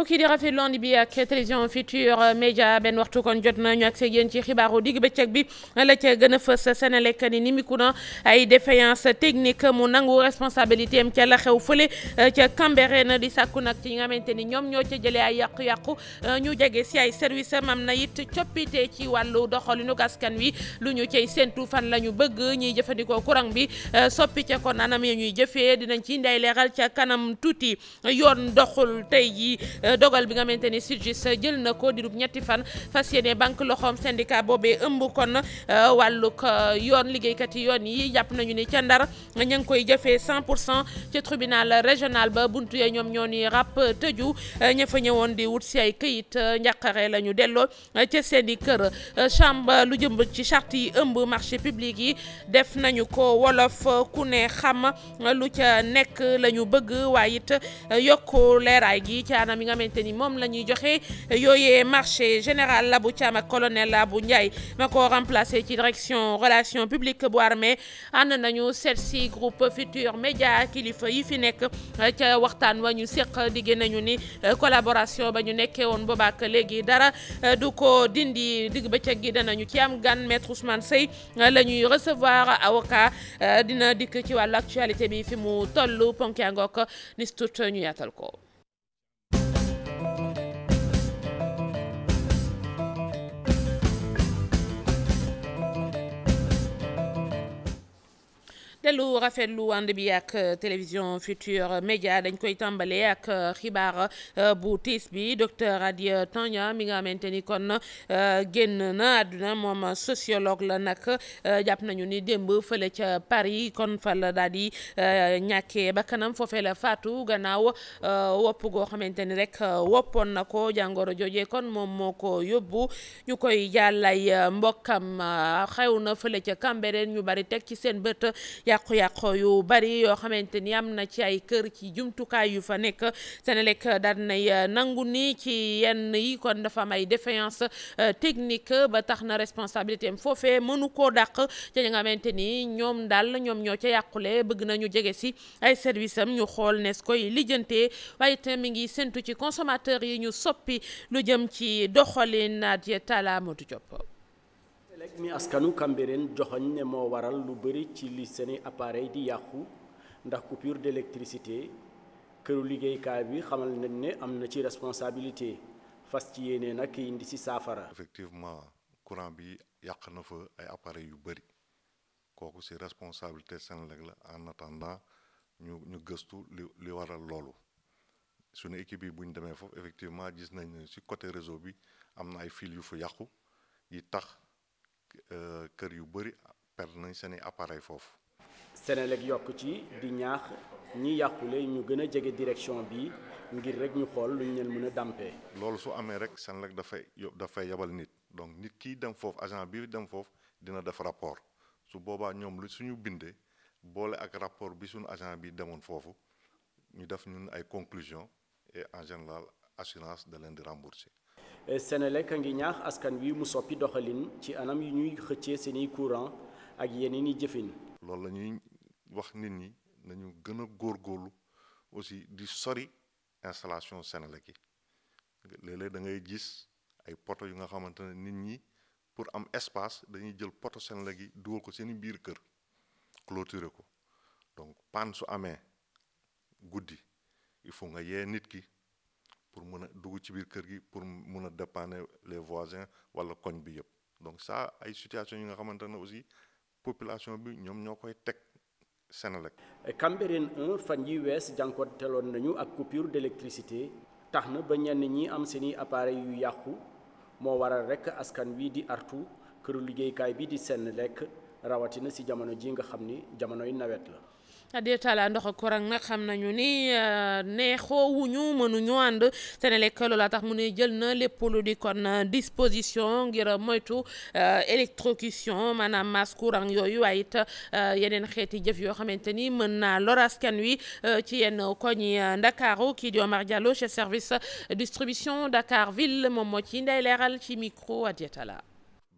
mbokk yi di rafetlu kon jot nañu ak seen yéen ci xibaaru digg bëccëg bi la ca gën a fës Senelec ni na ay défaillance technique mu nangu responsabilité am ca la xew fële ca Cambérène di sàkku nag ci nga xamante ni ñoom ñoo ca jëlee ay yàqu-yàqu ñu jege si ay service am am na it coppite ci wàllu doxalinu askan wi lu ñu cay séntu fan la ñu bëgg ñuy jëfandikoo courant bi soppi ca kon anam ñuy jëfee dinañ ci nday leeral ca kanam tuuti yoon doxul tey jii. Euh, dogal bi nga xamante ni SYTJUST jël na ko di ñetti fan fas yéene banque loxoom syndicat boobee ëmb kon euh, wàllug euh, yoon liggéeykat yi yoon yi jàpp nañu ni ca ndar ña ngi koy jëfee 100 pour cent ca tribunal régional ba buntu ya ñoom ñoo ni ràpp tëju ña fa ñëwoon di wut si ay këyit njàqare la ñu delloo ca seen i kër chambre lu jëm ci charte yi ëmb marché public yi def nañu ko wolof ku ne xam lu ca nekk la bëgg waayit it leeraay gi ci anam yi nga xamante ni moom la ñuy joxe yooyee marché général Labou Thiam ak colonel bu Ndiaye ma ko remplacé ci direction relation publique bu armée ànd nañu seet si groupe Futur Média kilifa yi fi nekk ca waxtaan wa ñu séq digge nañu ni euh, collaboration ba ñu nekkee woon boobaak léegi dara euh, du ko dindi digg ca gi nañu ci am gan maître Ousmane Seye euh, la ñuy recevoir avocat dina dikk ci wàllu actualité bi fi mu toll ponk ñu yaatal ko dellu rafetlu ànd bi ak euh, télévision Futur Média dañ koy tàmbalee ak euh, xibaar euh, bu tiis bi docteur Hady Tandia mi nga xamante ni kon génn na àdduna moom sociologue la nag jàpp nañu ni démb fële ca Paris kon fa la daal di ñàkkee bakkanam foofee la faatu gannaaw wopp goo xamante ni rek woppoon na ko jàngoro jooje kon moom moo ko yóbbu ñu koy jàllay mbokkam xew na fële ca Cambérène ñu bari teg ci seen bët. yàqu-yàqu yu bari yoo xamante ni am na ci ay kër ci jumtukaay yu fa nekk Senelec daal nay euh, nangu ni ci yenn yi kon dafa am ay défaillance euh, technique ba tax na responsabilité am mënu koo dàq ci nga xamante ni ñoom daal ñoom ñoo ca yàqule bëgg nañu jege si ay service am ñu xool nees koy lijjantee waaye itam mi ngi séntu ci consommateur yi ñu soppi lu jëm ci doxalin naat ya Talla Modou léeg mi askanu Cambérène joxoñ ne moo waral lu bëri ci li seeni appareil di yàqu ndax coupure d'électricité këru liggéeykaay bi xamal nañ ne am na ci responsabilité fas ci yéene ki indi si saafara. effectivement courant bi yàq na fa ay appareil yu bëri kooku si responsabilité Senelec la en attendant ñu ñu gëstu li li waral loolu sunu équipe yi bu ñu demee foofu effectivement gis nañ ne si côté réseau bi am na ay fil yu fu yàqu yi tax. Euh, kër yu bëri per nañ seen i appareil foofu. Senelec yokk ci di ñaax ñi yàqule ñu gën a jege direction bi ngir rek ñu xool luñ leen mën a dàmpee. loolu su amee rek Senelec dafay dafay yabal nit donc nit kiy dem foofu agent bi dem foofu dina def rapport su boobaa ñoom lu suñu bindee boole ak rapport bi suñu agent bi demoon foofu ñu def ñun ay conclusion et en général assurance de leen di rembourser. Euh, Senelec a ngi ñaax askan wi mu soppi doxalin ci anam yu ñuy xëccee seeni courant ak yeneen i jëfin. loolu la ñuy wax nit ñi nañu gën a góorlu aussi di sori installation Senelec yi léeg-léeg da ngay gis ay poto yu nga xamante ne nit ñi pour am espace dañuy jël poto Senelec yi dugal ko seen biir kër cloture ko donc panne su amee guddi il faut nga yee nit ki. pour mun a dugg ci biir kër gi pour mun a dépanner les voisins wala koñ bi yëpp donc ça ay situation yi nga xamante ne aussi population bi ñoom ñoo koy teg Senelec Cambérène 1 fan yi wees jànkoonteloon nañu ak coupure d'électricité tax na ba ñenn ñi am seeni appareil yu yàqu moo waral rek askan wi di artu këru liggéeykaay bii di Senelec rawatina ci jamono ji nga xam ni jamonoy nawet la déetala ndox ak korang nag xam nañu ni euh, neexoowuñu mënuñu ànd Senelec loola tax mu ne jël na lépp lu di kon euh, disposition ngir moytu euh, électrocution maanaam masse courant yooyu waaye it yeneen xeeti jëf yoo xamante ni mën naa lor askan wi ci yenn koñi Ndakaaru kii di Omar Diallo chef service distribution Dakar ville moom moo ci nday leeral ci micro a déetala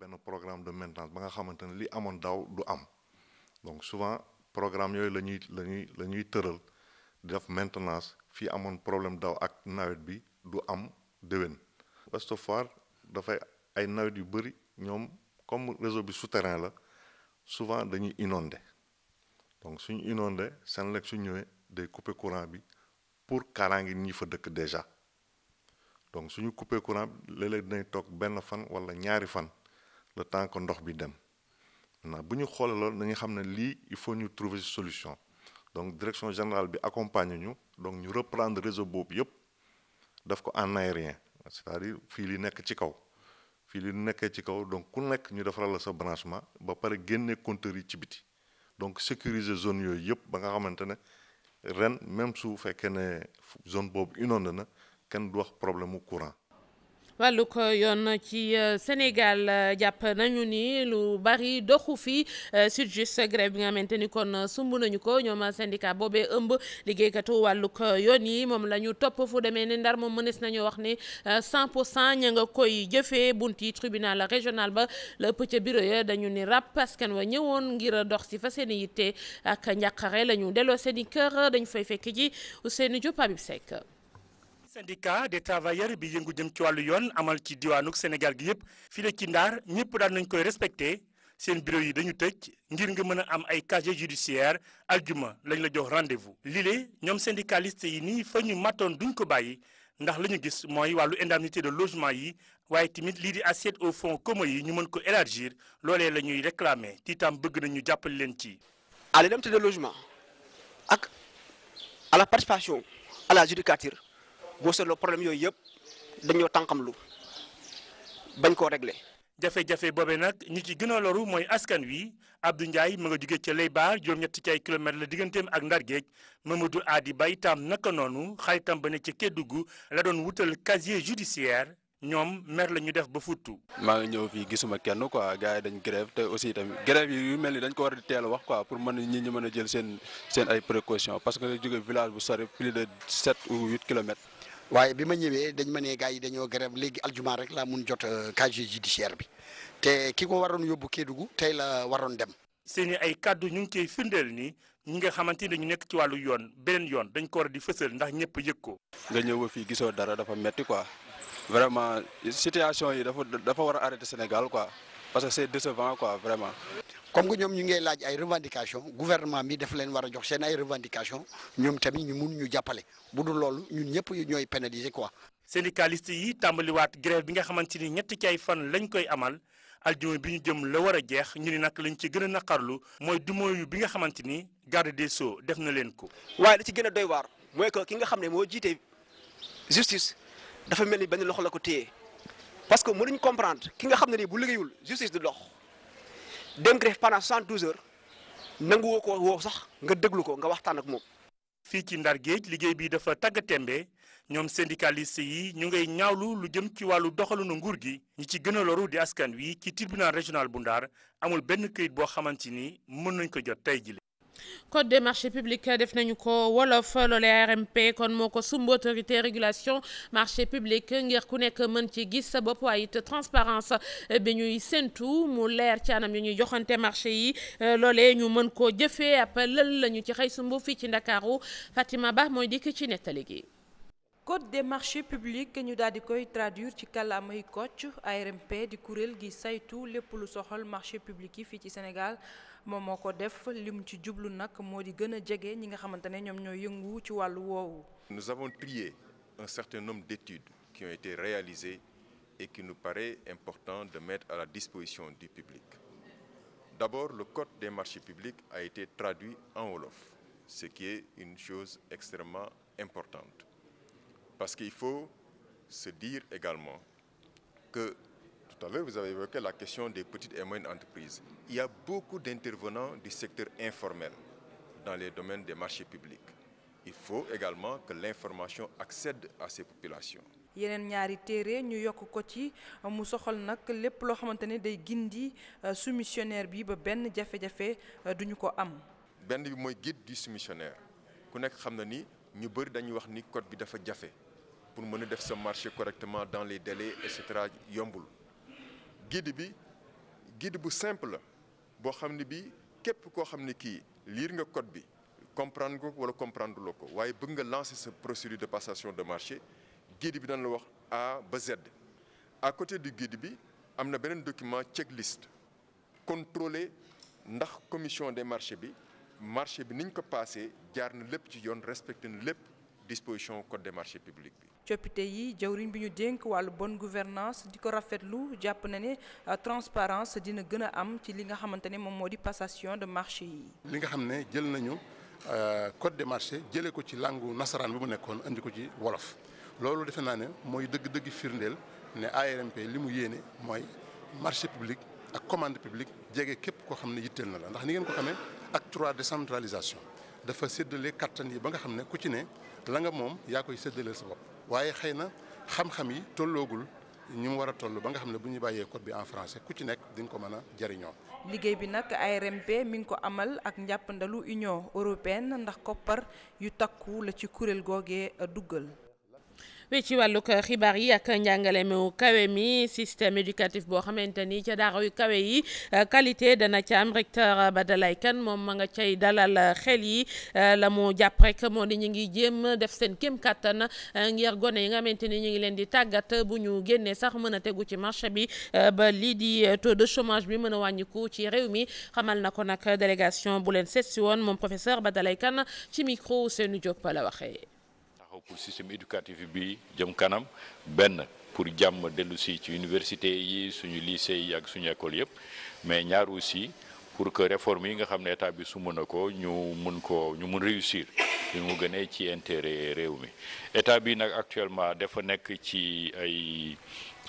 benn programme ba nga xamante ne li amoon daaw du am programme yooyu la ñuy la la ñuy tëral di def maintenance fii amoon problème daw ak nawet bi du am déwén. Ouest Foire dafay ay nawet yu bëri ñoom comme réseau bi souterrain la souvent dañuy inondé donc suñu inondé Senelec su ñëwee day couper courant bi pour kaaraange ñi fa dëkk déjà donc suñu couper courant bi léeg-léeg dinañ toog benn fan wala ñaari fan le temps ndox bi dem. na bu ñu xoolee loolu nañu xam ne lii il faut ñu trouver solution donc direction générale bi accompagne ñu donc ñu reprendre réseau boobu yëpp daf ko en aérien c'est-à-dire fii li nekk ci kaw fii li nekkee ci kaw donc ku nekk ñu defaral la sa branchement ba pare génne compteur yi ci biti donc sécuriser zone yooyu yëpp ba nga xamante ne ren même su fekkee ne zone boobu inondé na kenn du wax problème mu courant wàllu ko yoon ci euh, Sénégal euh, jàpp nañu ni lu bari doxu fi euh, sur juste grève bi nga xamante ni kon sumb nañu ko ñoom syndicat boobee ëmb liggéeykatu wàllu ko yoon yi moom la ñu topp fu demee ni ndar moom mënees nañoo wax ni 100 pour cent ña nga koy jëfee bunti tribunal régional ba la pëcc bureau ya dañu ni ràpp askan wa ñëwoon ngir dox si fa seen i yitte ak njàqare la ñu delloo seen i kër dañu fay fekk ji Ousseynou Diop Habib Seck syndicat des travailleurs bi yëngu jëm ci wàllu yoon amal ci diwaanuk Sénégal gi yëpp fii la ci ndaar ñëpp daan nañ koy respecté seen bureau yi dañu tëj ngir nga mën a am ay casier judiciaire aljuma lañ la jox rendez-vous lile ñoom syndicaliste yi nii fa ñu matoon duñ ko bàyyi ndax la ñu gis mooy wàllu indemnité de logement yi waaye tamit lii di assiette au fonds commun yi ñu mën ko élargir loole la ñuy réclamer tiitam bëgg nañu jàppale leen ci à l'indemnité ak à la participation à boo seetloo problème yooyu yëpp dañoo tànqam lu bañ koo régler. jafe-jafe boobe nag ñi ci gën a loru mooy askan wi Abdou Ndiaye ma nga jóge ca Leybar juróom-ñetti ci ay kilomètres la digganteem ak Ndar Géej Mamadou Adi Bay tam naka noonu xaritam ba ne ci Kédougou la doon wutal casier judiciaire ñoom mer la ñu def ba futtu maa ngi ñëw fii gisuma kenn quoi gars yi dañ grève te aussi tamit grève yi mel ni dañ ko war di teel a wax quoi pour mën ñi ñu mën a jël seen a ay précaution parce que jóge village bu sori plus de 7 ou 8 kilomètres waaye bi ma ñëwee dañ ma ne gars yi dañoo grève léegi aljuma rek laa mun jot euh, casier judiciaire bi te ki ko waroon yóbbu Kédougou tey la waroon dem. seeni ay kàddu ñu ngi cey firndeel ni ñi nga xamante ni ñu nekk ci wàllu yoon beneen yoon dañ ko war di fësal ndax ñëpp yëg ko. nga ñëw ba fii gisoo dara dafa metti quoi vraiment situation yi dafa dafa war a arrêté Sénégal quoi. parce que c'est décevant quoi vraiment. comme que ñoom ñu ngi laaj ay revendications gouvernement mi daf leen war a jox seen ay revendications ñoom tamit ñu mun ñu jàppale bu du loolu ñu ñëpp ñooy pénaliser quoi. syndicaliste yi tàmbaliwaat grève bi nga xamante ni ñetti ci ay fan lañ koy amal aljuma bi ñu jëm la war a jeex ñu ni nag lañ ci gën a naqarlu mooy dumooyu bi nga xamante ni garde des sceaux def na leen ko. waaye da ci gën a doy waar mooy que ki nga xam ne moo jiite justice dafa mel ni benn loxo la ko téye. parce que mënuñ comprendre ki nga xam ne nii bu liggéeyul justice du dox dem greffe pendant 72 heures nanguwoo ko woo sax nga déglu ko nga waxtaan ak moom. fii ci Ndar geej liggéey bi dafa tàgg tembe ñoom syndicaliste yi ñu ngay ñaawlu lu jëm ci wàllu doxalinu nguur gi ñi ci gën a loru di askan wi ci tribunal régional bu ndaar amul benn kayit boo xamante ni mën nañ ko jot tey jii. code des marchés publics def nañu ko wolof loole ARMP kon moo ko sumb autorité régulation marché public ngir ku nekk mën ci gis sa bopp waaye it transparence bi ñuy séntu mu leer ci anam yi ñuy joxante marché yi loole ñu mën koo jëfee ab lël lañu ci xëy sumb fii ci Ndakaaru Fatima Ba mooy dikk ci nettali gi code des marchés publics ñu daal di koy traduire ci kàllaamay kocc ARMP di kuréel gi saytu lépp lu soxal marché public yi fii ci Sénégal moom moo ko def lim ci jublu nag moo di gën a jege ñi nga xamante ne ñoom ñoo yëngu ci wàllu woowu. Nous avons trié un certain nombre d'études qui ont été réalisées et qui nous paraît important de mettre à la disposition du public. D'abord, le code des marchés publics a été traduit en wolof, ce qui est une chose extrêmement importante. Parce qu'il faut se dire également que Tout à l'heure, vous avez évoqué la question des petites et moyennes entreprises. Il y a beaucoup d'intervenants du secteur informel dans les domaines des marchés publics. Il faut également que l'information accède à ces populations. yeneen ñaari téere ñu yokk ko ci mu soxal nag lépp loo xamante ne day gindi euh, soumissionnaire bi ba benn jafe-jafe euh, duñu ko am. benn bi mooy guide di soumissionnaire ku nekk xam na ni ñu bëri dañuy wax ni code bi dafa jafe pour mën a def sa marché correctement dans les délais et cetera yombul. guide bi giid bu simple boo xam ne bii képp koo xam ne kii liir nga code bi comprendre ko wala comprendre loo ko waaye bëgg nga lancer sa procédure de passation de marché giid bi dañ la wax A ba Z. à côté du giid bi am na beneen document checklist contrôler ndax commission des marché bi marché bi niñ ko passé jaar na lépp ci yoon respecté na lépp disposition code des marchés publics bi. coppite yi jawriñ bi ñu dénk wàllu bon gouvernance di ko rafetlu jàpp na ne euh, transparence dina gën a am ci li nga xamante ne moom moo di passation de marché yi. li nga xam ne jël nañu euh, code des marché jëlee ko ci langu nasaraan bi mu nekkoon indi ko ci wolof loolu defe naa ne mooy dëgg-dëgg firndeel ne ARMP li mu yéene mooy marché public ak commande publique jege képp koo xam ne yitteel na la ndax ni ngeen ko xamee ak trois centralisation dafa séddale kattan yi ba nga xam ne ku la nga moom yaa koy séddaleel waaye xëy na xam-xam yi tolloogul ñu mu war a toll ba nga xam ne bu ñu bàyyee code bi en français ku ci nekk dinga ko mën a jariñoo liggéey bi nag ARMP mi ngi ko amal ak njàppandalu Union européenne ndax koppar yu takku la ci kuréel googee uh, dugal wéy ci wàllug xibaar yi ak njàngale mu kawe mi système éducatif boo xamante ni ca daara yu kawe yi qualité dana ca am recteur dalay kan moom ma nga cay dalal xel yi la mu jàpp rek moom di ñu ngi jéem def seen kéem kattan ngir gone yi nga xamante ni ñu ngi leen di tàggat bu ñu génnee sax mën a tegu ci marché bi ba lii di taux de chômage bi mën a wàññiku ci réew mi xamal na ko nag délégation bu leen seet woon moom professeur Badalaye Kane ci micro Ousseynou Diop la waxee. pour système éducatif bi jëm kanam benn pour jàmm dellu si ci université yi suñu lycée yi ak suñu école yëpp mais ñaar aussi pour que réforme yi nga xam ne état bi su mën a ko ñu mun ko ñu mun réussir ñu mu gënee ci intérêt réew mi état bi nag actuellement dafa nekk ci ay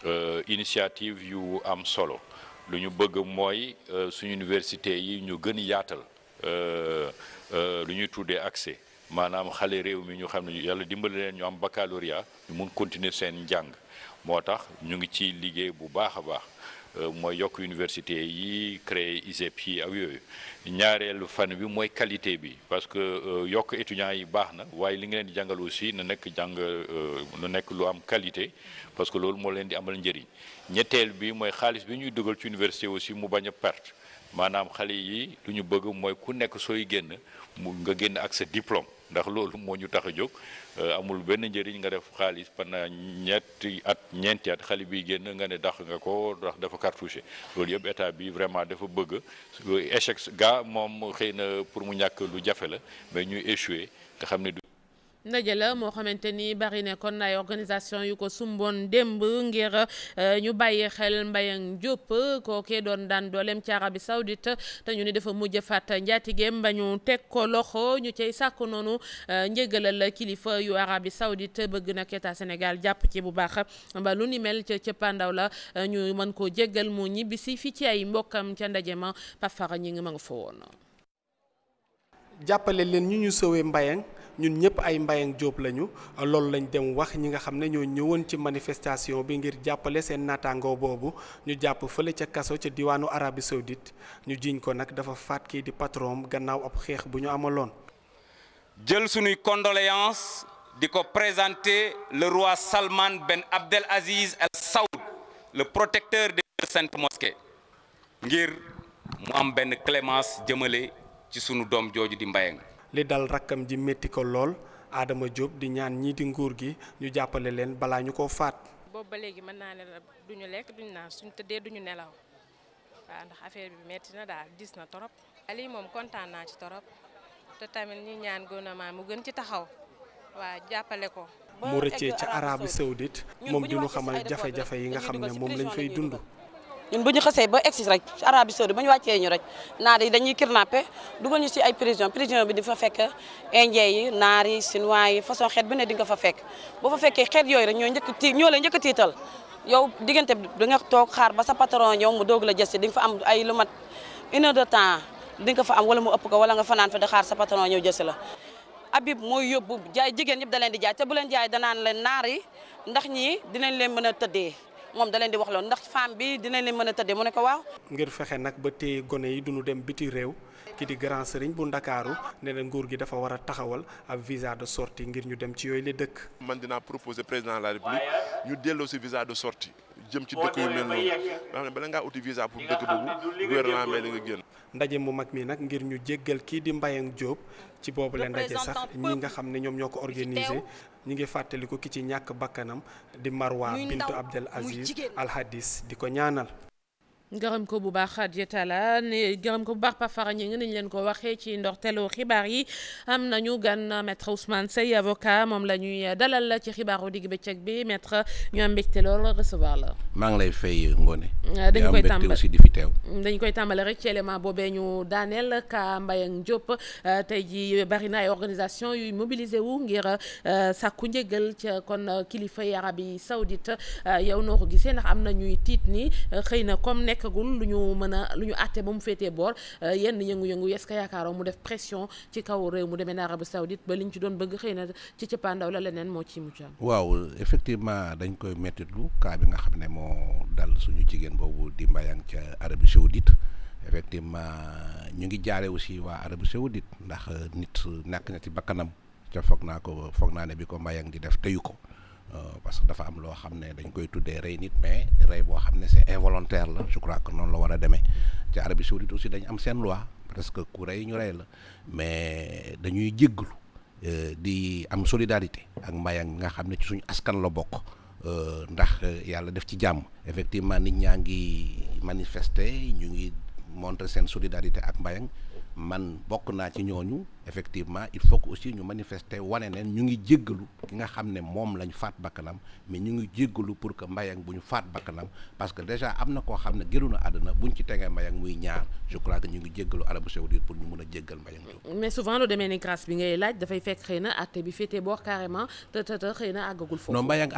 euh, initiative yu am solo lu ñu bëgg mooy euh, suñu université yi ñu gën yaatal euh, lu ñuy tuddee accès maanaam xale réew mi ñu xam ne yàlla dimbali leen ñu am baccalauréat ñu mun continuer seen njàng moo tax ñu ngi ci liggéey bu baax a baax euh, mooy yokk université yi créer ISEP yi ak yooyu ñaareelu fan bi mooy qualité bi parce que euh, yokk étudiants yi baax na waaye li nga leen di jàngal aussi na nekk jàng euh, nu nekk lu am qualité parce que loolu moo leen di amal njëriñ ñetteel bi mooy xaalis bi ñuy dugal ci université aussi mu bañ a perte maanaam xale yi lu ñu bëgg mooy ku nekk sooy génn mu nga génn ak sa diplôme ndax loolu moo ñu tax a jóg euh, amul benn njëriñ nga def xaalis pendant ñetti at ñeenti at xale bi génn nga ne dax nga ko ndax dafa cartouché loolu yëpp état bi vraiment dafa bëgg échec ga moom xëy na pour mu ñàkk lu jafe la mais ñuy échoué nga xam ne ndaje la moo xamante ni bari ne kon ay organisation yu ko sumboon démb ngir euh, ñu bàyyi xel Mbayang Diop kookee doon daan dooleem ci Arabie Saoudite te ñu ni dafa mujj faat njaatigeem ba ñu teg ko loxo ñu cay sàkk noonu euh, njëgalal kilifa yu Arabie Saoudite bëgg nag état senegal jàpp ci bu baax ba lu ni mel ca cëppaandaw la euh, ñu mën koo jéggal mu ñibbisi fi ci ay mbokkam ca ndaje ma Pafara ñi ngi ma nga fa woon jàppale ñun ñëpp ay mbayang jóob lañu loolu lañ dem wax ñi nga xam ne ñoo ñëwoon ci manifestation bi ngir jàppale seen naataangoo boobu ñu jàpp fële ca kaso ca diwaanu Arabie Saoudite ñu jiiñ ko nag dafa faat kii di patron gannaaw ab xeex bu ñu amaloon. jël sunuy condoléances di ko présenter le roi Salman Ben Abdel Aziz Al Saoud le protecteur de Sainte Mosquée ngir mu am benn clémence jëmale ci sunu doom jooju di Mbayang li dal rakkam ji métti ko lool aadama jóob di ñaan ñii di nguur gi ñu jàppale leen balaa ñu ko faat. boobu ba léegi mën naa ne la duñu lekk duñu naan suñu tëddee duñu nelaw waaw ndax affaire bi métti na daal dis na torop. lii moom kontaan naa ci torop te tamit ñi ñaan gouvernement mu gën ci taxaw waa jàppale ko. mu rëccee ca Arabie Saoudite moom di ñu xamal jafe-jafe yi nga xam ne moom lañ fay dund. ñun bu ñu xasee ba egsi rek ci Arabie ba ñu wàccee ñu rek naar yi dañuy kidnappé dugal ñu si ay prison prison bi di fa fekk indien yi naar yi chinois yi façon xeet bu ne di nga fa fekk boo fa fekkee xeet yooyu rek ñoo njëkk ti ñoo la njëkk tiital yow diggante bi da nga toog xaar ba sa patron ñëw mu doog la jësi di nga fa am ay lu mat une heure de temps di fa am wala mu ëpp ko wala nga fanaan fa di xaar sa patron ñëw jësi la Habib mooy yóbbu jaay jigéen ñëpp da leen di jaay te bu leen jaay danaan leen naar yi ndax ñii dinañ leen mën a tëddee moom da di wax loolu ndax femme bi dinañ leen mën a tëddee mu ne ko waaw. ngir fexe nag ba téye gone yi duñu dem biti réew. kii di grand sëriñ bu ndakaaru nee na nguur gi dafa war a taxawal ab visa de sortie ngir ñu dem ci yooyu la dëkk. man dinaa proposer président la république ñu delloo si visa de sorti jëm ci dëkk yu na noonu bala ngaa uti visa pour dëkk boobu ndaje mu mag mi nag ngir ñu jéggal kii di Mbayang Diop ci boobu la ndaje sax ñi nga xam ne ñoom ñoo ko organisé ñu ngi fàttaliku ki ci ñàkk bakkanam di Marwa Bintu Abdel Aziz Al Hadis di ko ñaanal. gërëm ko bu baax Diatala ne gërëm ko bu baax Pafara ñi ngi nañ leen ko waxee ci ndox ndorteelu xibaar yi am ñu gan maître Ousmane Seye avocat moom la ñuy dalal ci xibaaru digg bëccëg bi maître ñu am mbégte lool recevoir la. maa ngi lay fay Ngone. Ah, dañ koy tàmbale aussi dañ koy tàmbale rek ci élément boobee ñu daaneel ka Mbayang Diop ah, tey ji bari na ay organisation yuy mobilisé wu ngir ah, sàkku njëgal ca kon kilifa yi Arabie Saoudite yow noo ko gisee ndax am na ñuy tiit ni xëy na comme nekkagul lu ñu mën a lu ñu àtte ba mu féetee boor euh, yenn yëngu-yëngu yes ka yaakaaroo mu def pression ci kaw réew mu demee na Arabie Saoudite ba ñu ci doon bëgg xëy na ci cëppaandaw la leneen moo ci mucc am waaw effectivement dañ koy mettitlu cas bi nga xam ne moo dal suñu jigéen boobu di mbayang ca Arabie Saoudite effectivement ñu ngi jaare aussi waa Arabie Saoudite ndax nit nakk na ci bakkanam ca foog naa ko foog naa ne bi ko mbayang di def teyu ko Euh, parce que dafa am loo xam ne dañ koy tuddee rey nit mais rey boo xam ne c'est involontaire la je crois que noonu la war a demee ci Arabie Saoudite aussi dañ am seen loi parce que ku rey ñu rey la mais dañuy jégglu euh, di am solidarité ak mbayang nga xam ne ci suñu askan la bokk euh, ndax yàlla def ci jàmm effectivement nit ñaa ngi manifesté ñu ngi montrer seen solidarité ak mbayang man bokk naa ci ñooñu effectivement il faut que aussi ñu manifester wane neen ñu ngi jéggalu ki nga xam ne moom lañ faat bakkanam mais ñu ngi jéggalu pour que mbayang bu ñu faat bakkanam parce que déjà am na koo xam ne gënu na bu ñu ci tegee mbayang muy ñaar je crois que ñu ngi jéggalu Arabie Saoudite pour ñu mun a jéggal mbayang joob mais souvent lu demee ni grâce bi ngay laaj dafay fekk xëy na atte bi féetee boor carrément te te xëy na àggagul foofu non mbayang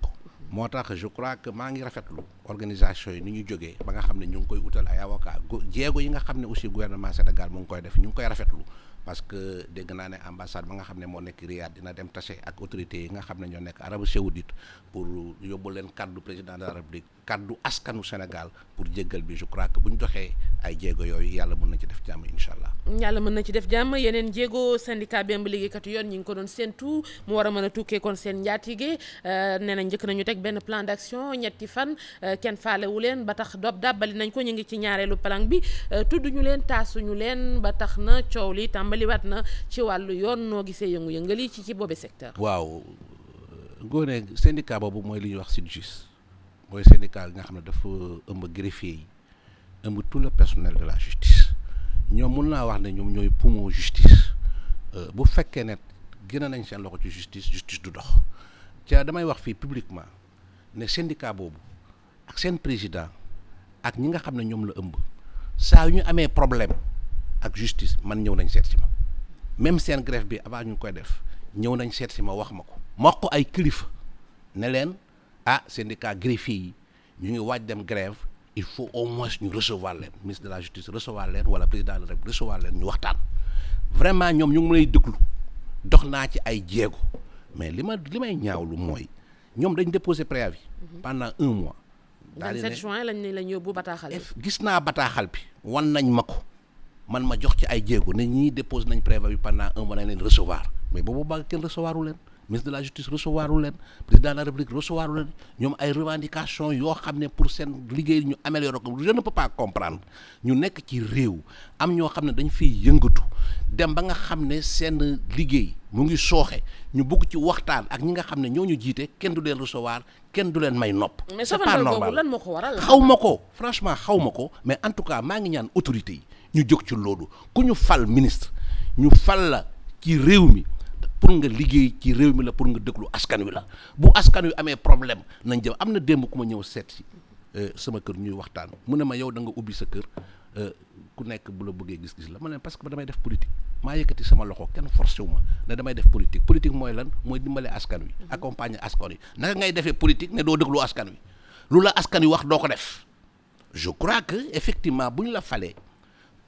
ko moo tax je crois que maa ngi rafetlu organisation yi ni ñu jógee ba nga xam ne ñu ngi koy utal ay avocat jéego yi nga xam ne aussi gouvernement Sénégal mu ngi koy def ñu ngi koy rafetlu parce que dégg naa ne ambassade ba nga xam ne moo nekk Riyad dina dem tase ak autorités yi nga xam ne ñoo nekk Arabie Saoudite pour yóbbu leen kaddu président de la République kaddu askanu Sénégal pour jéggal bi je crois que bu ñu doxee ay jéego yooyu yàlla mun na ci def jàmm incha allah. yàlla mën na ci def jàmm yeneen jéego syndicat bemb liggéeykatu yoon ñu ngi ko doon séentu mu war a mën a tukkee kon seen njaatige euh, nee na njëkk nañu teg benn plan d'action ñetti fan euh, kenn faalewu leen ba tax dob dàbbali nañ ko ñu ngi ci ñaareelu plan bi euh, tudd ñu leen taasuñu leen ba tax na coow li tàmbaliwaat na ci wàllu yoon noo gisee yëngu-yëngal ci ci boobe secteur. waaw ngoone syndicat boobu mooy li ñuy wax SYTJUST mooy syndicat nga xam ne dafa ëmb greffier yi. ëmb tout le personnel de la justice ñoom mun naa wax ne ñoom ñooy poumon justice euh, bu fekkee ne gën nañ seen loxo ci justice justice du dox ca damay wax fii publiquement ne syndicat boobu ak seen président ak ñi nga xam ne ñoom la ëmb saa yu ñu amee problème ak justice man ñëw nañ seet si ma même seen grève bi avant ñu koy def ñëw nañ seet si ma wax ma ko ma wax ko ay kilifa ne leen ah syndicat greffier yi ñu ngi waaj dem grève il faut au moins ñu recevoir leen ministre de la justice recevoir leen wala président de recevoir leen ñu waxtaan vraiment ñoom ñu ngi lay déglu dox naa ci ay jéego mais li ma li may lu mooy ñoom dañ déposé préavis yi un mois. daal 27 juin lañ ne gis naa bataaxal bi wan nañ ma ko man ma jox ci ay jéego ne ñii déposé nañ préavis pendant un mois nañ leen recevoir mais boobu ba kenn recevoiru leen. ministre de la justice recevoiru leen président de la république recevoiru leen ñoom ay revendication yoo xam ne pour seen liggéey ñu améliorer ko je ne peux pas comprendre ñu nekk ci réew am ñoo xam ne dañu fiy yëngatu dem ba nga xam ne seen liggéey mu ngi sooxe ñu bugg ci waxtaan ak ñi nga xam ne ñoo ñu jiite kenn du leen recevoir kenn du leen may nopp. c'est pas normal lan moo ko waral xaw ma ko franchement xaw ma ko mais en tout cas maa ngi ñaan autorité ñu jóg ci loolu ku ñu fal ministre ñu fal la ci réew mi. pour nga liggéey ci réew mi la pour nga déglu askan wi la bu askan wi amee problème nañ jëm am na démb ku ma ñëw seet si euh, sama kër ñuy waxtaan mu ne ma yow da nga ubbi sa kër euh, ku nekk bu la bëggee gis-gis la ma ne parce que damay def politique maa yëkkati sama loxo kenn forcé wu ma ne damay def politique politique mooy lan mooy dimbale askan wi. Mhm. accompagner askan wi naka ngay defee politique ne doo déglu askan wi lu la askan wi wax doo ko def je crois que effectivement bu ñu la falee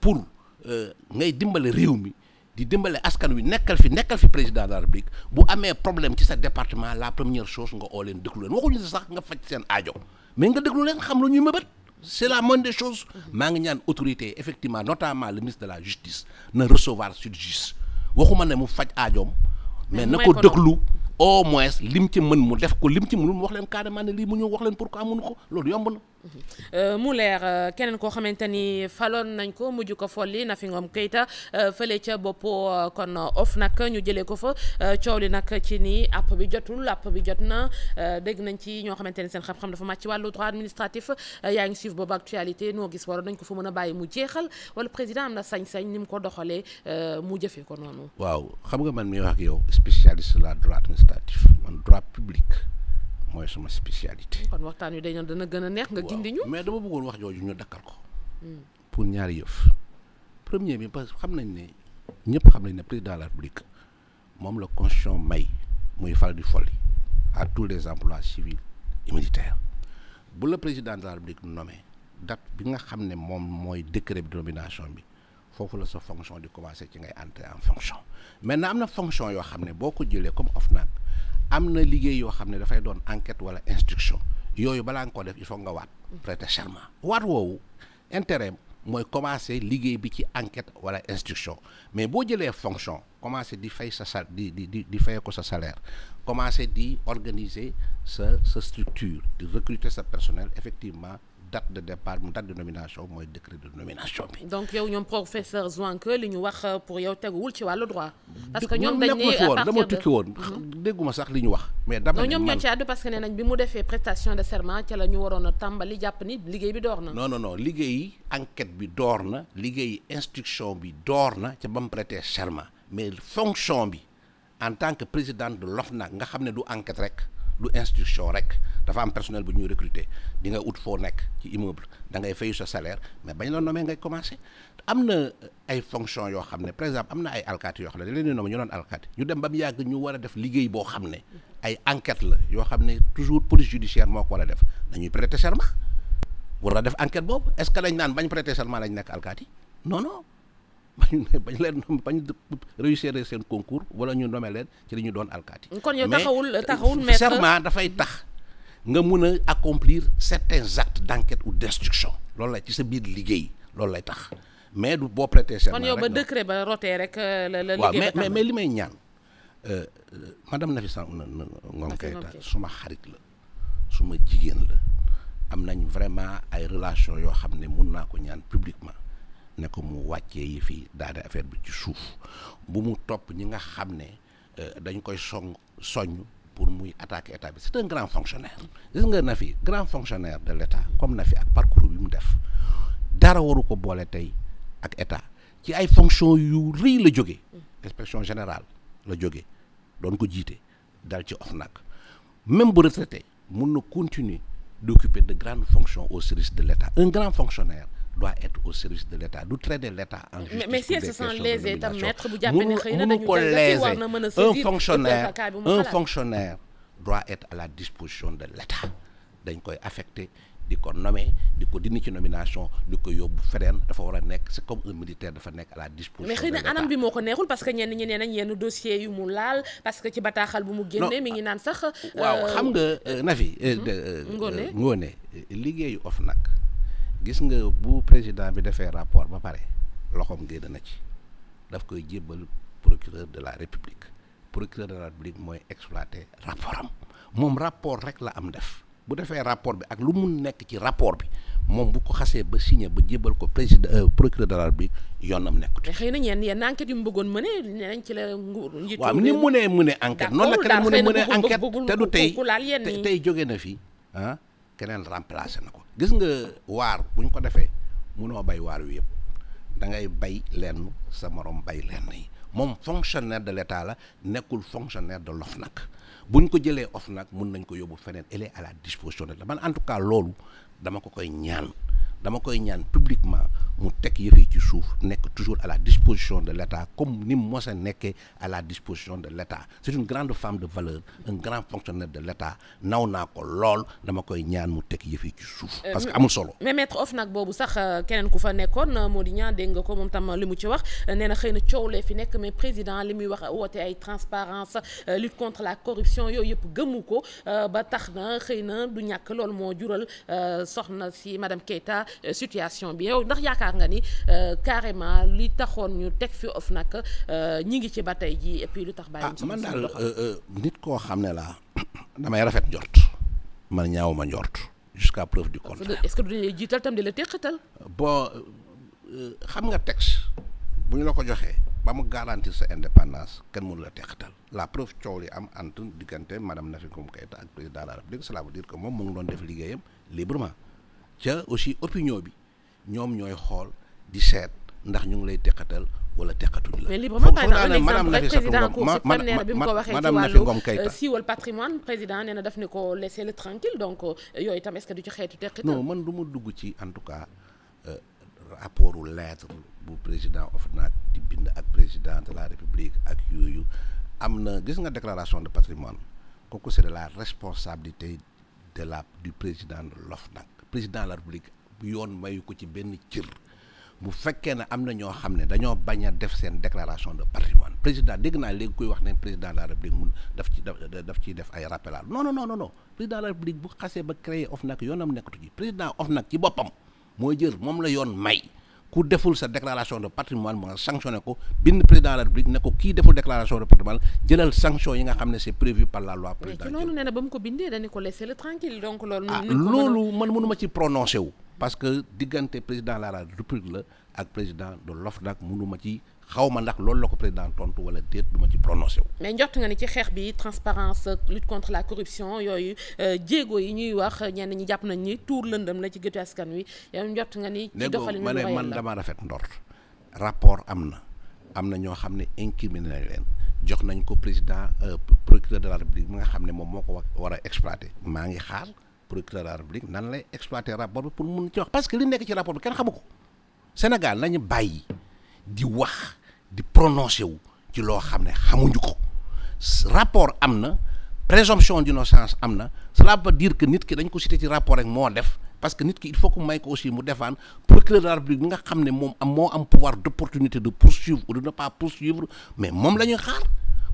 pour euh, ngay dimbale réew mi. di dimbale askan wi nekkal fi nekkal fi président de la république bu amee problème ci sa département la première chose nga oo leen déglu leen waxuñu sax nga faj seen aajo mais nga déglu leen xam lu ñuy mëbët c'est la moindre des choses mhm. maa ngi ñaan autorité effectivement notamment le ministre de la justice na recevoir Sytjust waxuma ne mu faj aajoom mais na ko déglu au moins lim ci mën mu def ko lim ci mënul mu wax leen carrément ne lii mu ñëw loolu yomb na Euh, mu leer euh, keneen koo xamante ni faloon nañ ko mujj ko folli Nafi Ngom Keïta euh, fële ca bopp kon of nag ñu jëlee ko fa coow li nag ci nii app bi jotul app bi jot na dégg nañ ci ñoo xamante ni seen xam-xam dafa màcc ci wàllu droit administratif yaa ngi suivre boobu actualité noo gis waroon nañ ko fa mën a bàyyi mu jeexal wala président am na sañ-sañ ni mu ko doxalee mu jëfee ko noonu. waaw xam nga man mi wax ak yow spécialiste la droit administratif man droit mooy sama spécialité. kon waxtaan wi dañu dana gën a neex nga gindi ñu. mais dama bëggoon wax jooju ñu dakkal ko. Hmm. pour ñaari yëf. premier bi parce que xam nañ ne ñëpp xam nañ ne président de la république moom la constitution may muy fal di folli à tous les emplois civils et bu la président de la république nommé date bi nga xam ne moom mooy décret de nomination bi foofu la sa fonction di commencer ci ngay entrer en fonction maintenant am na fonction yoo xam ne boo ko jëlee comme OFNAC. am na liggéey yoo xam ne dafay doon enquête wala instruction yooyu balaa nga ko def il faut nga waat prêter serment waat woowu intérêt mooy commencer liggéey bi ci enquête wala instruction mais boo jëlee fonction commencer di fay sa sal di di di fay ko sa salaire commencer di organiser sa sa structure di recruter sa personnel effectivement date de départ mu date de nomination mooy décret de nomination bi. donc yow ñoom professeur Zouanke li ñu wax euh, pour yow teguwul ci wàllu droit. parce que ñoom dañ ne à partir de dama tukki woon mhm. dégguma sax li ñu wax. mais dama ne ñoom ñoo ci àddu parce que nee nañ bi mu defee prestation de serment ca la ñu waroon a tàmbali jàpp ni liggéey bi door na. non non non liggéey enquête bi door na liggéey instruction bi door na ca bam mu prêter mais fonction bi en tant que président de l'OFNAC nga xam ne du enquête rek. du institution rek dafa am personnel bu ñuy recruter di nga ut foo nekk ci immeuble da ngay fayu sa salaire mais bañ la nommé ngay commencé am na euh, ay fonction yoo xam ne par exemple am na ay alkaati yoo xam ne dañ leen di nommé ñu dem ba mu yàgg ñu war def liggéey boo xam ne ay enquête la yoo xam ne toujours police judiciaire moo ko war a def dañuy prêter serment war a def enquête boobu est-ce que dañ naan bañ prêter serment lañ nekk alkaati non non. bañ bañ leen bañ réussir seen concours wala ñu nommer leen ci li ñu doon alkaati. kon yow taxawul taxawul maître serment dafay tax nga mun a accomplir certains actes d'enquête ou d'instruction loolu la ci sa biir liggéey loolu lay tax mais du boo prêter serment. kon yow ba décret ba rotee rek euh, la la liggéey mais mais li may ñaan euh, euh, madame Nafissa Ngom Keïta suma xarit la suma jigéen la am nañ vraiment ay relations yoo xam ne mun naa ko ñaan publiquement ne ko mu wàccee yi fii daane affaire bi ci suuf bu mu topp ñi nga xam ne euh, dañ koy song soññ pour muy attaquer état bi c'est un grand fonctionnaire gis nga fi grand fonctionnaire de l'état comme fi ak parcours bi mu def dara waru ko boole tey ak état ci ay fonction yu rëy la jóge inspection générale la jóge doon ko jiite dal ci nag même bu retraité mun na continuer d'occuper de grandes fonctions au service de l'état un grand fonctionnaire doit être au service de l'État du traiter l'État en justice mais, mais si elles se sont lésées tam maître bu jàppee ne xëy na dañu ko léser un fonctionnaire un être à la disposition de l'État dañ koy affecté di ko nommé di ko dindi ci nomination di ko yóbbu feneen dafa war a nekk c'est comme un militaire dafa nekk à la disposition mais xëy na anam bi moo ko neexul parce que ñenn ñi nee nañ yenn dossier yu mu laal parce que ci bataaxal bu mu génnee mi ah, ngi waaw euh, xam nga euh, Nafi euh, hmm? Ngoné liggéeyu OFNAC gis nga bu président bi defee rapport ba pare loxoom génn na ci daf koy jébbal procureur de la république procureur de la république mooy exploiter rapport am moom rapport rek la am def bu defee rapport bi ak lu mun nekk ci rapport bi moom bu ko xasee ba signé ba jébbal ko président euh, procureur de la république yoonam nekkut. xëy na ñenn yenn enquête yu mu bëggoon mënee nee nañ ci la nguur njiitu waaw ni mu mënee mënee enquête noonu la kenn mënee mënee enquête te du tey tey jóge na fi ah, keneen remplacé na ko gis nga waar bu ñu ko defee munoo bay waar wi yëpp da ngay bay lenn sa morom bay lenn yi moom fonctionnaire de l'État la nekkul fonctionnaire de nag bu ñu ko jëlee nag mun nañ ko yóbbu feneen elle est à la disposition de man en tout cas loolu dama ko koy ñaan dama koy ñaan publiquement mu teg yëf yi ci suuf nekk toujours à la disposition de l'État comme ni mos a nekkee à la disposition de l'État c'est une grande femme de valeur un grand fonctionnaire de l'État naw naa ko lool dama koy ñaan mu teg yëf ci suuf. Euh, parce que amul solo. mais maître OFNAC boobu sax euh, keneen ku fa nekkoon euh, moo di ñaan dégg ko moom tam li mu ci wax nee xëy na coow lee fi nekk mais président li muy wax woote ay transparence lutte contre la corruption ba tax na du ñàkk loolu moo jural soxna si madame Keita situation bi yow yaakaar nga ni euh, carrément li taxoon ñu teg fi of nag euh, ñi ngi ci ba tey ji et puis lu tax bàyyi ah man daal euh, nit koo xam ne laa damay rafet jot njort man ñaawuma njort jusqu'à preuve du contraire est-ce que du lay jiital tam di la teqatal boo xam nga texte bu ñu la ko joxee ba mu garantir sa indépendance kenn mënu la teqatal la preuve coow li am entre diggante na Nafi Ngom Keïta ak président de la République cela veut dire que moom mu ngi doon def liggéeyam librement ca aussi bi ñoom ñooy xool di seet ndax ñu ngi lay teqatal wala teqatuñ la. mais librement par exemple madame Nafi président Cour suprême nee na bi mu ko waxee ci wàllu euh, siiwal patrimoine président nee na daf ne ko laisser le tranquille donc euh, yooyu tam est que du ci xeetu teqital. non man du ma dugg ci en tout cas euh, rapportu lettre bu président OFNAC di bind ak président de la république ak yooyu am na gis nga déclaration de patrimoine kooku c'est de la responsabilité de la du président de l'OFNAC président de la yoon mayu ko ci benn cër bu fekkee ne am na ñoo xam ne dañoo bañ a def seen déclaration de patrimoine président dégg naa léegi kuy wax ne président de la république mun daf ci daf ciy def ay rappel non non président de la xasee ba créé OFNAC yoonam nekkatu ci président OFNAC ci boppam mooy jël moom la yoon may ku deful sa déclaration de patrimoine moo sanctionné ko bind président de la république ne ko kii deful déclaration de patrimoine jëlal sanction yi nga xam ne c'est prévu par la loi présidentielle. mais ci noonu nee na ba mu ko bindee dañu ko laisser le tranquille donc ah, wu. parce que diggante président de la république la ak président de l'OFNAC mënuma ci xaw ma ndax loolu la ko président tontu wala déet du ma ci prononcé wu. mais njort nga ni ci xeex bi transparence lutte contre la corruption yooyu euh, jéego yi ñuy wax ñenn ñi jàpp nañ ni tuur lëndëm la ci gëtu askan wi njort nga ni. ci doxalin ma ne man dama rafet ndort rapport am na am na ñoo xam ne incriminé nañ leen jox nañ ko président euh, procureur de la république mi nga xam ne moom moo ko war a exploité maa ngi xaar. procureur de la république nan lay exploiter rapport bi pour mun ci wax parce li nekk ci rapport bi kenn xamu ko Sénégal nañu bàyyi di wax di prononcer wu ci loo xam ne xamuñu ko rapport am na présomption d'innocence am na cela veut diir ki nit ki dañ ko cité ci rapport rek moo def parce que nit ki il faut que may ko aussi mu defaan pour de la république nga xam ne moom am moo am pouvoir d'opportunité de poursuivre ou de ne pas poursuivre mais moom la ñuy xaar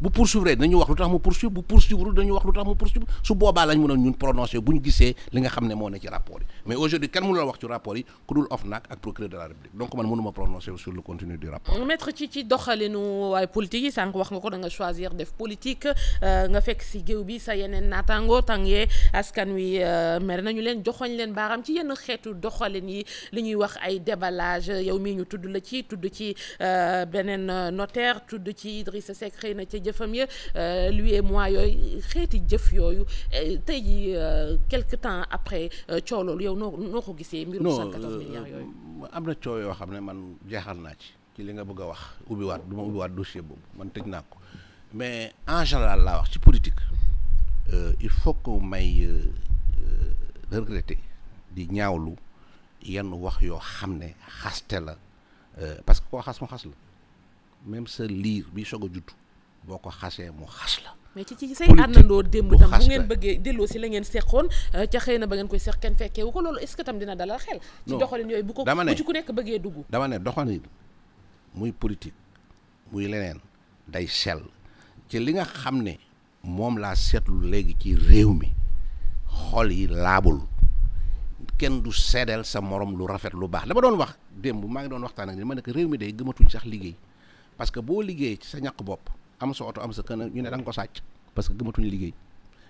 bu poursuivre dañu wax lu tax mu poursuivre bu poursuivre dañu wax lu su boobaa lañ mën a ñun prononcé bu ñu gisee li nga xam ne moo ne ci rapport yi mais aujourd'hui kenn mënu la wax ci rapport yi ku dul OFNAC ak procureur de la donc man mënuma prononcé sur le ci doxalinu waaye politique yi sànq wax nga ko da choisir def politique euh, nga fekk si géew bi sa yeneen naataango tàngee askan wi euh, mer nañu leen joxoñ leen baaraam ci yenn xeetu doxalin yi li ñuy wax mii ñu tudd la ci tudd ci euh, beneen notaire tudd na jëfam ya euh, lui et moi yooyu xeeti jëf yooyu euh, tey jii euh, quelque temps après coow loolu yow noo noo ko gisee. mbirum cent quatorze milliards na coow yoo xam ne man jeexal naa ci. ci li nga bëgg a wax ubbiwaat du ma ubbiwaat man tëj naa mais en général laa wax ci politique il faut que may regretter di ñaawlu yenn wax yoo xam ne xaste la parce que koo xas mu xas la même sa liir bi soog a juddu boo ko xasee mu xas la. mais ci ci say àndandoo démb tam bu ngeen bëggee delloo si la ngeen seqoon euh, ca xëy na ba ngeen koy seq kenn fekkeewu ko loolu est ce que tam dina dalal xel. ci doxalin yooyu bu ko ku ci ku nekk bëggee dugg. dama ne doxalin muy politique muy leneen day sell ci li nga xam ne moom laa seetlu léegi ci réew mi xool yi laabul kenn du seddeel sa morom lu rafet lu baax dama doon wax démb maa ngi doon waxtaan ak ni ma ne réew mi day gëmatuñ sax liggéey parce que boo liggéey ci sa ñàkk bopp. am sa oto am sa kën ñu ne da ko sàcc parce que gëmatuñu liggéey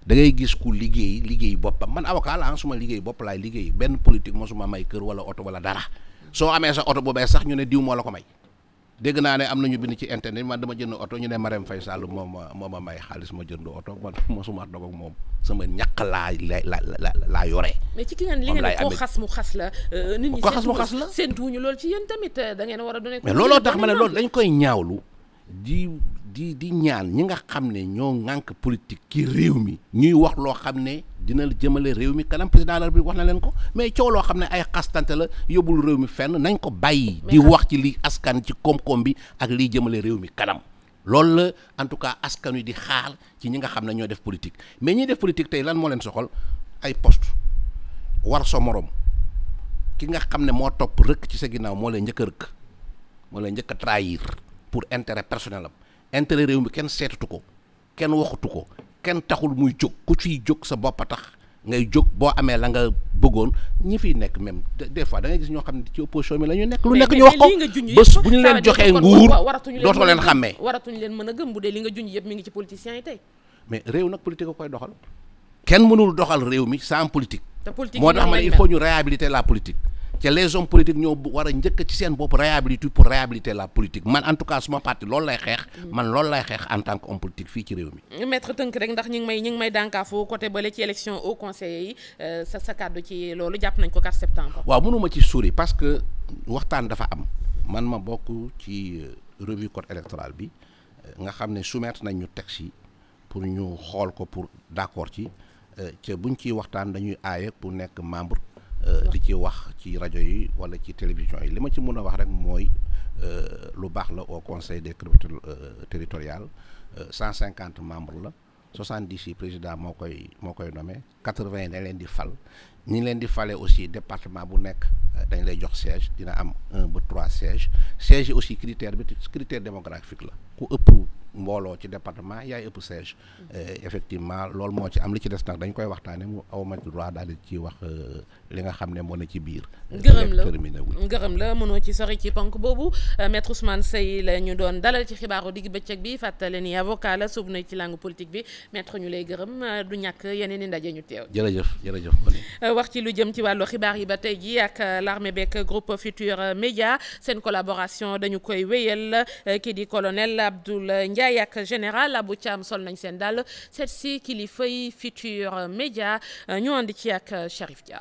da ngay gis ku liggéey liggéey boppam man avocat la suma liggéey bopp laay liggéey benn politique mosuma may kër wala oto wala dara soo amee sa oto boobee sax ñu ne diw moo la ko may dégg naa ne am na ñu bind ci internet man dama jënd oto ñu ne moo may xaalis ma jënd oto man mosuma dog moom sama ñàkk laa la la la laa yore. mais ci ki euh, euh, ngeen li ngeen koo a. looloo tax ma ne lool dañ koy ñaawlu di di di ñaan ñi nga xam ne ñoo ŋànk politique ci réew mi ñuy wax loo xam ne dina la jëmale réew mi kanam président de la République wax na leen ko mais coow loo xam ne ay xastante la yóbbul réew mi fenn nañ ko bàyyi. di wax ci li askan ci koom bi ak liy jëmale réew mi kanam. loolu la en tout cas askan wi di xaar ci ñi nga xam ne ñoo def politique mais ñiy def politique tey lan moo leen soxal ay post war sa moroom ki nga xam ne moo topp rëkk ci sa ginnaaw moo lay njëkk a rëkk moo lay njëkk a pour intérêt personnel am intérêt réew mi kenn seetatu ko kenn waxatu ko kenn taxul muy jóg ku ciy jóg sa bopp a tax ngay jóg boo amee la nga bëggoon ñi fiy nekk même des fois da ngay gis ñoo xam ne ci opposition bi la ñuy nekk. lu nekk ñu wax ko bés bu ñu leen joxee nguur dootoo leen xàmmee. waratuñu leen mën a gëm bu dee li nga junj yëpp mi ngi ci politiciens yi tey. mais réew nag politique a koy doxal. kenn mënul doxal réew mi sans politique. moo tax ma ne il faut ñu réhabiliter la politique. ca les hommes politiques ñoo war a njëkk ci seen bopp réhabilité pour réhabiliter la politique man en tout cas suma parti loolu lay xeex. man loolu lay xeex en tant que homme politique fii ci réew mi. maître tënk rek ndax ñu ngi may ñu ngi may dànkaafu côté bële ci élection au conseil euh, sa kàddu ci loolu jàpp nañ ko 4 septembre. waaw mënuma ci sori parce que waxtaan dafa am man ma bokk ci euh, revue code électoral bi euh, nga xam ne soumettre nañ ñu texte yi pour ñu xool ko pour d'accord ci buñ ciy waxtaan dañuy aaye pour nekk membre. Euh, di ci wax ci rajo yi wala ci télévision yi li ma ci mën a wax rek mooy euh, lu baax la au conseil des collectivités euh, territoriales cent cinquante membres la soixante dix yi président moo koy moo koy nome quatre vingt yi ne leen di fal ñi leen di fale aussi département bu nekk dañ lay jox siège dina am un ba trois sièges siège aussi critère bi critère démographique la ku ëpp mbooloo ci département yaay ëpp siège euh, effectivement loolu moo ci am li ci des nag dañ koy waxtaane mu aw ma droit daal di ci wax euh, nga xam ne moo ne ci biir euh, gërëm la mënoo ci sori ci ponk boobu maître Ousmane Seye la ñu doon dalal ci xibaaru digg bëccëg bi fàttale ni avocat la sub na ci langue politique bi maître ñu lay gërëm du ñakk yeneen i ndaje ñu teew jërëjëf jërëjëf wax ci lu jëm l'armée beeg groupe Futur Média seen collaboration dañu koy wéyal euh, kii di colonel Abdoul Ndiaye ak général Abou Thiam sol nañ seen dàll seet si kilifa yi Futur Média euh, ñu andi ci euh,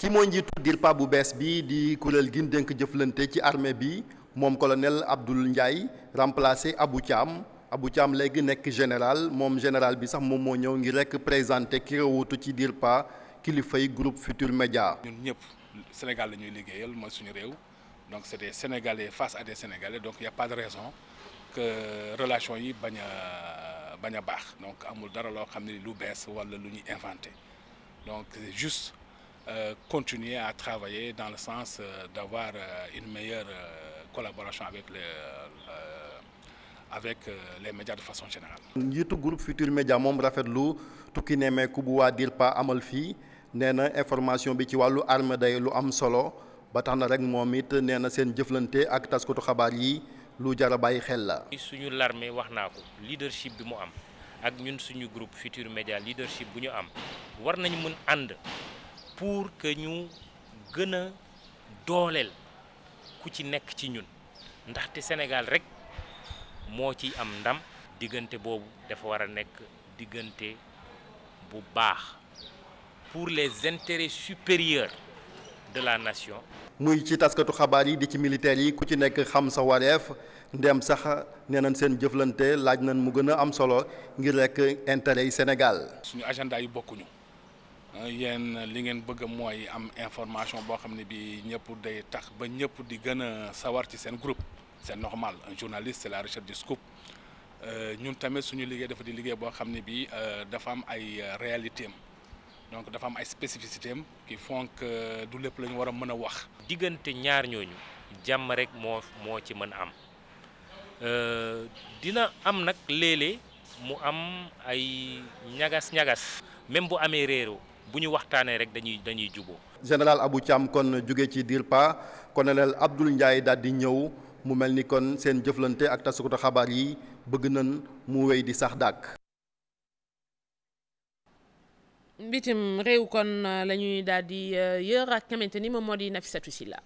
ki moo njiitu DIRPA bu bees bi di kuréel gin dénk jëflante ci armée bi moom colonel Abdoul Ndiaye remplacé Abou Thiam Abou Thiam léegi nekk général moom général bi sax moom moo ñëw ngir rekk présenté ki rewutu ci DIRPA kilifay groupe Futur Média. ñun ñëpp Sénégal la ñuy liggéeyal mooy suñu réew donc c'est des Sénégalais face à des Sénégalais donc y a pas de raison que relation yi bañ a bañ a baax donc amul dara loo xam ne lu bees wala lu ñuy inventé donc c'est juste euh, continuer à travailler dans le sens euh, d'avoir euh, une meilleure euh, collaboration avec les euh, avec euh, de façon générale. njiitu groupe Futur Média moom rafet lu tukki nemmeeku bu waa DIRPA amal fii. nee na information bi ci wàllu armée lu am solo ba tax na rek moom it nee na seen jëflante ak taskatu xabaar yi lu jar a bàyyi xel la. suñu larme wax naa ko leadership bi mu am ak ñun suñu groupe Futurs Médias leadership bu ñu am war nañu mën ànd pour que ñu gën a dooleel ku ci nekk ci ñun ndaxte senegal rek moo ci am ndam diggante boobu dafa war a nekk diggante bu baax. pour les intérêts supérieurs de la nation. muy ci taskatu xabaar yi di ci militaires yi ku ci nekk xam sa wareef ndem sax nee nañ seen jëflante laaj nañ mu gën a am solo ngir rek intérêt yi Sénégal. suñu agenda yi bokkuñu yéen li ngeen bëgg mooy am information boo xam ne bi ñëpp day tax ba ñëpp di gën a sawar ci seen groupe seen normal un journaliste c'est la recherche du scoop euh, ñun tamit suñu liggéey dafa di liggéey boo xam ne bi euh, dafa am ay euh, réalité donc dafa am ay spécificité am qui font euh, du lépp la ñu war a mën a wax. diggante ñaar ñooñu jàmm rek moo moo ci mën am euh, dina am nag léeg-léeg mu am ay ñagas-ñagas. même bu amee réeroo bu ñu waxtaanee rek dañuy dañuy jubo général Abou Thiam kon jóge ci DIRPA colonel Abdoul Ndiaye daal di ñëw mu mel ni kon seen jëflante ak tasukatu xabaar yi bëgg nañ mu wéy di sax dàkk bitim réew kon euh, la ñuy daal di euh, yër ak xamante ni moom moo di Nafissatou Sylla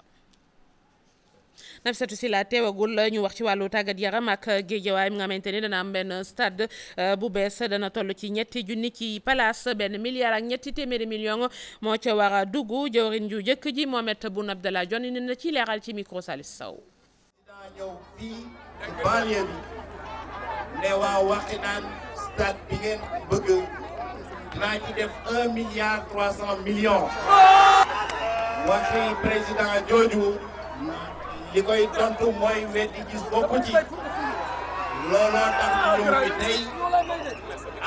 Nafissatou Sylla teewagul euh, ñu wax ci wàllu tàggat yaram ak géejawaay mi nga xamante dana am benn stade bu bees dana toll ci ñetti junni ci palaas benn milliard ak ñetti téeméeri million moo ca war a dugg jawrin ju jëkk ji Mohamed Boun Abdallah Dionne ne na ci leeral ci micro Salif Sow dinaa waa waxi naan bi ngeen bëgg dinaa ci def un milliard trois cent millions waxi président jooju li koy tontu mooy weddi gis bokku ci looloo tax ñu bi tey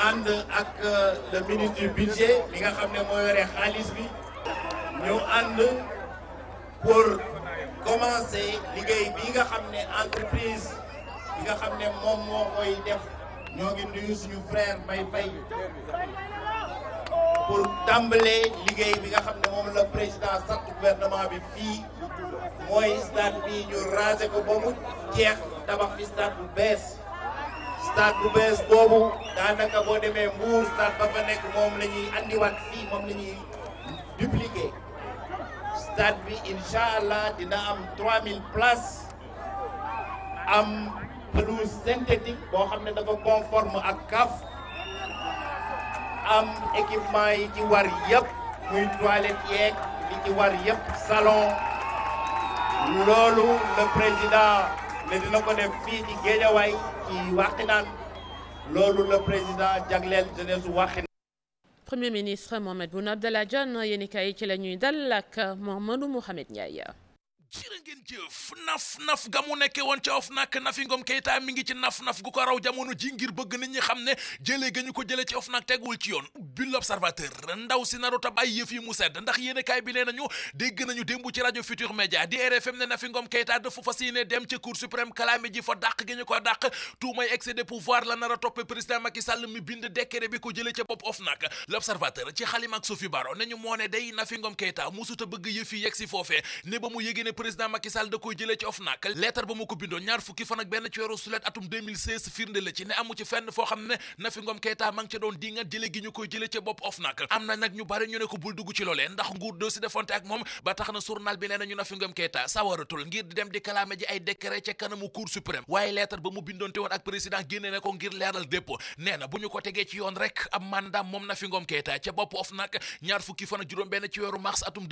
ànd ak euh, le ministre du budget bi nga xam ne moo yore xaalis bi ñu ànd pour commencer liggéey bi nga xam ne entreprise bi nga xam ne moom moo koy def ñoo ngi nuyu suñu frère Mbaye Faye pour tàmbalee liggéey bi nga xam ne moom la président sant gouvernement bi fii mooy stade bi ñu raser ko ba mu jeex tabax fi stade bu bees stade bu bees boobu daanaka boo demee Mbour stade ba fa nekk moom la ñuy fii moom la ñuy dupliquer stade bi incha allah dina am 3000 am pelouse synthétique boo xam ne dafa conforme ak CAF. am équipement yi ci war yëpp muy toilette yeeg li ci war yëpp salon loolu le président ne dina ko def fii ci Géejawaay ci Waxinaan loolu le président jagleel jeunesse Waxinaan premier ministre Mohamed Boun Abdallah Dionne yéen ci la ñuy dal ak Mamadou Mouhamed Ndiaye. ca of nag Nafi Ngom Keïta mi ngi ci naf-naf gu ko raw jamono ji ngir xam ne ko jëlee ci of nag tegul ci yoon bi l'observateur ndaw si naru ta bàyyi yëf yi mu sedd ndax yéenekaay bi nee nañu dégg nañu démb ci rajo Futur Média di RFM ne Nafi Ngom Keïta dafa fas dem ci cour suprême kalaame ji fa dàq gi ñu ko dàq tuumay excès de pouvoir la nar toppe président Macky Sall mi bind décret bi ko jëlee ca bopp of nag l'observateur ci xalim ak Sophie Baro ne ñu moo ne day Nafi Ngom Keïta musuta bëgg yëf yi yegg si foofee ne ba mu yégée ne président Macky Sall da koy jële ci loolee ndax leetar ba mu ko ngir ñaar fukki fan ak benn ci weeru mars atum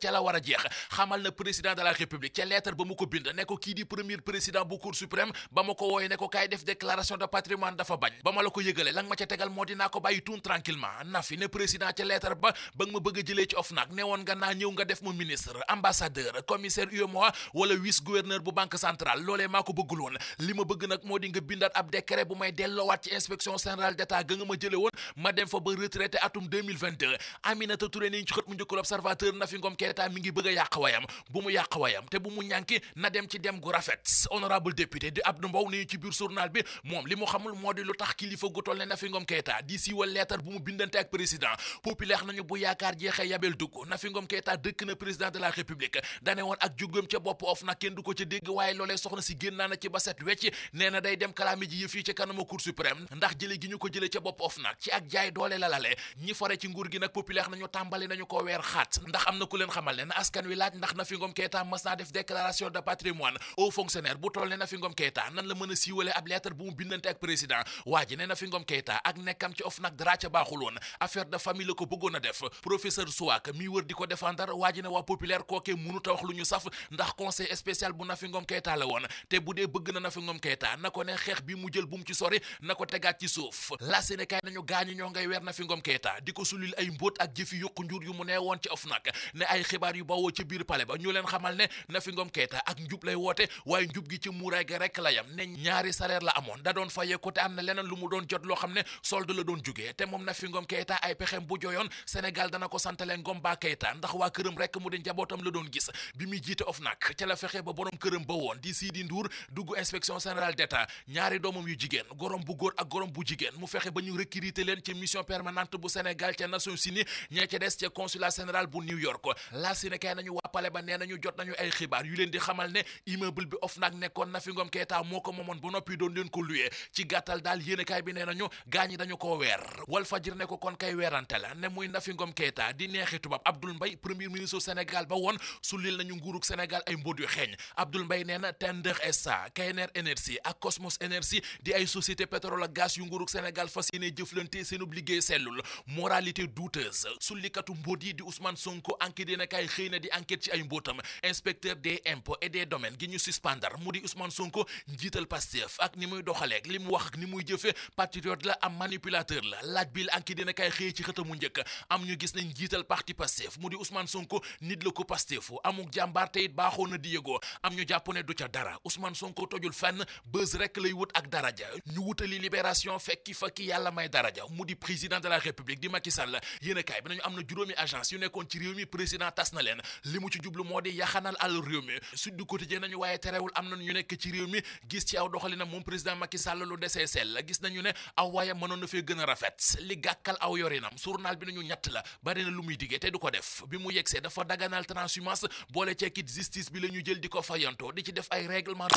ca la war a jeex xamal na président la république ca lettre ba mu ko bind ne kii di premier président bu cour suprême ba ma ko wooye ne ko def déclaration de patrimoine dafa bañ ba ma la ko yëgale la ma ca tegal moo dinaa ko bàyyi tuun tranquillement na ne président ca lettre ba ba ma bëgg a jëlee ci OFNAC ne woon nga naa ñëw nga def ma ministre ambassadeur commissaire UEMOA wala vice gouverneur bu banque centrale loolee maa ko bëggul woon li ma bëgg nag moo di nga bindaat taxawaayam te bu mu ñànki na dem ci dem gu rafet honorable député di Abdou Mbow ni ci biir journal bi moom li mu xamul moo di lu tax kilifa gu toll ne Nafi Ngom di siiwal leetar bu mu bindante ak président populaire nañu bu yaakaar jeexee yabel dugg Nafi Ngom dëkk na président de la république dane ak jugam ca bopp of kenn du ko ca dégg waaye loolee soxna si génn naa ci ba set wecc nee day dem kalaami ji yëf yi kanama cour suprême Keita mas naa def déclaration de patrimoine au fonctionnaire bu toll ne Nafi Ngom Keita nan la mën a siiwalee ab lettre bu mu bindante ak président waa ne Nafi Ngom Keita ak nekkam ci of dara ca baaxul affaire de famille la ko bëggoon a def professeur Souak mi wër di ko défendre waa ne waa populaire kookee mënuta wax lu ñu saf ndax conseil spécial bu Nafi Ngom Keita la woon te bu dee bëgg na Nafi Ngom Keita na ko ne xeex bi mu jël bu ci xamal ne Nafi Ngom Keïta ak njub lay woote waaye njub gi ci muuraay ga rek la ne ñaari salaire la amoon da doon fayee côté am na leneen lu mu doon jot loo xam ne solde la doon jugee te moom Nafi Ngom Keïta ay pexem bu joyoon Sénégal dana ko santale Ngom ba Keïta ndax waa këram rek mu di njabootam la doon gis bi muy jiite OFNAC ca la fexe ba borom këram ba woon di Sidi Ndour dugg inspection générale d'État ñaari doomam yu jigéen gorom bu góor bu jigéen ba ñu recruter leen ci mission permanente bu Sénégal ca jot nañu ay xibaar yu leen di xamal ne immeuble bi Ofnac nekkoon Nafi Ngom Keita moo ko moomoon ba noppi doon leen ko luyee ci gàttal daal yéenekaay bi nee nañu gaañ ñi dañu ko weer Walf Fadjri ne ko kon kay weerante la ne muy Nafi Ngom Keita di neexi tubaab Abdoul mbay premier ministre Sénégal ba woon sullil nañu nguurug Sénégal ay mbóot yu xeeñ Abdoul Mbaye nee na Tender SA KNR Énergie ak Cosmos Énergie di ay société pétrole ak gaz yu nguurug Sénégal fas yéene jëflante seenub liggéey sellul moralité douteuse sullikatu mbóot yi di Ousmane Sonko enquête dina kay xëy na di enquête ci ay inspecteur des impôts et des domaines gi ñu suspendar mu di Ousmane Sonko njiital Pastef ak ni muy doxaleeg li mu wax ni muy jëfe patriote la am manipulateur la laaj bil anki dina kay xëy ci xëtamu njëkk am ñu gis ne njiital parti Pastef mu di Ousmane Sonko nit la ko Pastefu amuk jàmbaar te it baaxoo na di yëgoo am ñu jàpp du ca dara Ousmane Sonko tojul fenn bës rek lay wut ak daraja ñu wutali libération fekki fakki yàlla may daraja mu di président de la république di Macky Sall yéen a kaay bi yu nekkoon ci réew mi xanal àll réew mi Sud Quotidien nañu waaye terewul am na ñu nekk ci réew mi gis ci aw doxalinam moom président Macky Sall lu desee sell gis nañu ne aw waaye mënoon na fee gën a rafet li gàkkal aw yorinam journal bi nañu ñett la bari na lu muy diggee te du ko def bi mu yegsee dafa daganal transhumance boole cekkit justice bi la ñu jël di ko fayanto di ci def ay règlement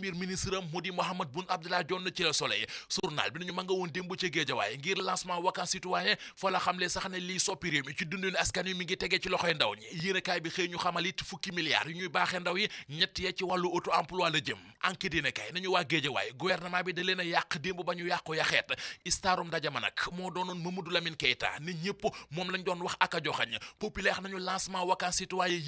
premier ministre am mu di Mahammed Boun Abdallah Dionne ci a Soleil journal bi nañu ma nga woon démb ca Géejawaay ngir lancement vacances citoyen fa xamle sax ne lii soppi réew mi ngi tege ci loxoy ndaw ñi bi xëy ñu fukki milliards yu ñuy baaxee ndaw yi ñett ya ci wàllu auto emploi la jëm enquête yéenekaay nañu waa Géejawaay gouvernement bi da a yàq démb ba ñu yàqu yaxeet istarum ndaje ma nag moo doon a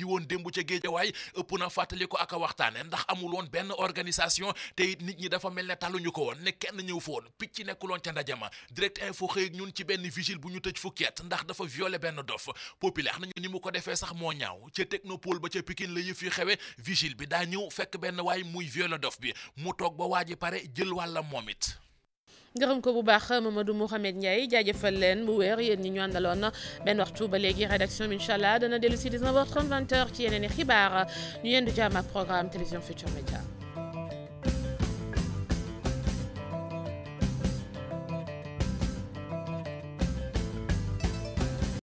woon démb ca Géejawaay ëpp na fàttali ko ak a mobilisation te it nit ñi dafa mel ne tàlluñu ko woon ne kenn ñëw fa woon picc nekkuloon ca ndajama direct info xëy ñun ci benn vigile bu ñu tëj fukki at ndax dafa violé benn dof populaire nañu ni mu ko defee sax moo ñaaw ca technopole ba ca Pikine la yëf yi xewe vigile bi daa ñëw fekk benn waay muy violé dof bi mu toog ba waa ji pare jël wàlla moom it gërëm ko bu baax Mamadou Mouhamed Ndiaye jaajëfal leen bu wéer yéen ñi ñu àndaloon benn waxtu ba léegi rédaction bi incha allah dana dellu si 19h30 20h ci yeneen i xibaar ñu yendu jàmm